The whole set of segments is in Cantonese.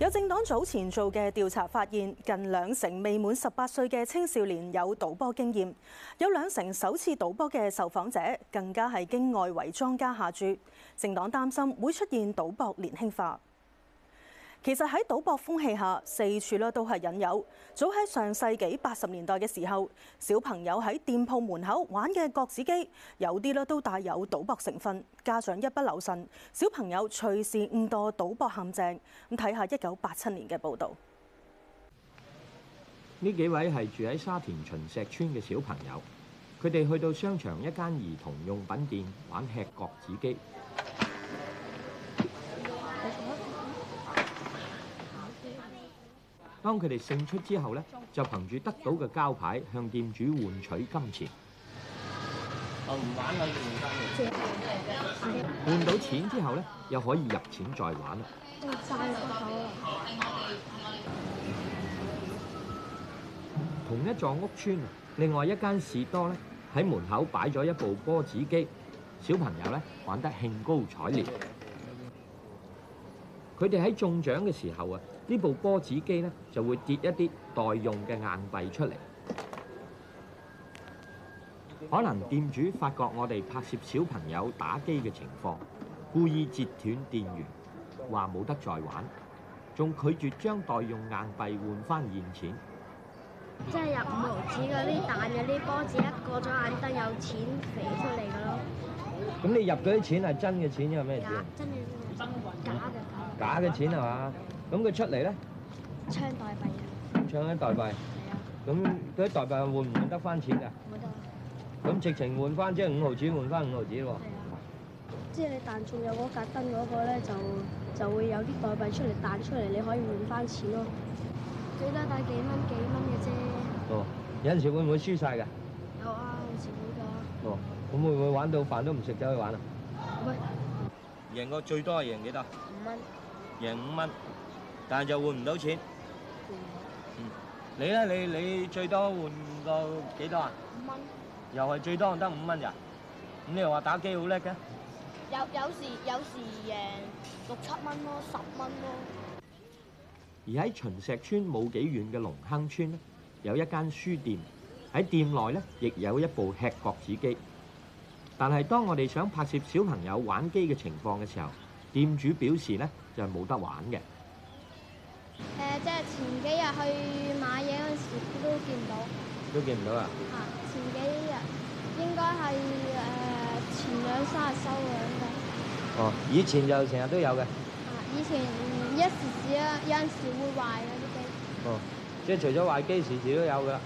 有政黨早前做嘅調查發現，近兩成未滿十八歲嘅青少年有賭波經驗，有兩成首次賭波嘅受訪者更加係經外圍莊家下注。政黨擔心會出現賭博年輕化。其實喺賭博風氣下，四處咧都係引誘。早喺上世紀八十年代嘅時候，小朋友喺店鋪門口玩嘅角子機，有啲咧都帶有賭博成分。家長一不留神，小朋友隨時誤墮賭博陷阱。咁睇下一九八七年嘅報導，呢幾位係住喺沙田秦石村嘅小朋友，佢哋去到商場一間兒童用品店玩吃角子機。當佢哋勝出之後呢，就憑住得到嘅膠牌向店主換取金錢。唔玩啊！換金錢。換到錢之後呢，又可以入錢再玩啦。真係嘥咗。同一座屋邨，另外一間士多呢，喺門口擺咗一部波子機，小朋友呢玩得興高采烈。佢哋喺中獎嘅時候啊！呢部波子機咧就會跌一啲代用嘅硬幣出嚟，可能店主發覺我哋拍攝小朋友打機嘅情況，故意截斷電源，話冇得再玩，仲拒絕將代用硬幣換翻現錢。即係入五毫子嗰啲蛋嗰啲波子，一過咗眼得有錢飛出嚟㗎咯。咁你入嗰啲錢，係真嘅錢，因為咩錢？真嘅假嘅？假嘅錢係嘛？咁佢出嚟咧？搶代幣，搶緊代幣。係啊。咁嗰啲代幣換唔換得翻錢啊？換得。咁直情換翻即係五毫子換翻五毫子喎。係啊。即係你彈中有嗰格燈嗰個咧，就就會有啲代幣出嚟彈出嚟，你可以換翻錢咯。最多帶幾蚊幾蚊嘅啫。哦，有陣時會唔會輸曬㗎？有啊，好似好多㗎。哦，咁會唔會玩到飯都唔食走去玩啊？唔會。贏過最多係贏幾多？五蚊。贏五蚊。但就換唔到錢。嗯，你咧？你你最多換到幾多啊？五蚊，又係最多得五蚊咋？咁你又話打機好叻㗎？有有時有時贏六七蚊咯，十蚊咯。而喺秦石村冇幾遠嘅龍坑村咧，有一間書店喺店內咧，亦有一部吃角子機。但係當我哋想拍攝小朋友玩機嘅情況嘅時候，店主表示咧就係冇得玩嘅。誒、呃，即係前幾日去買嘢嗰陣時，都見到。都見唔到啊？吓，前幾日應該係誒前兩三日收嘅哦，以前就成日都有嘅。以前一時時啦，有陣時會壞啲機。哦，即係除咗壞機，時時都有嘅。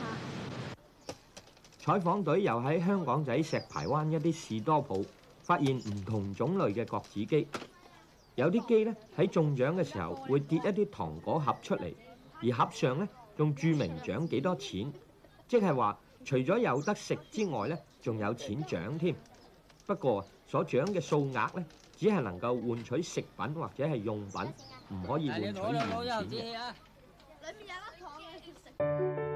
吓、啊。採訪隊又喺香港仔石排灣一啲士多鋪發現唔同種類嘅角子機。有啲機呢喺中獎嘅時候會跌一啲糖果盒出嚟，而盒上呢仲註明獎幾多錢，即係話除咗有得食之外呢，仲有錢獎添。不過所獎嘅數額呢，只係能夠換取食品或者係用品，唔可以換取現錢嘅。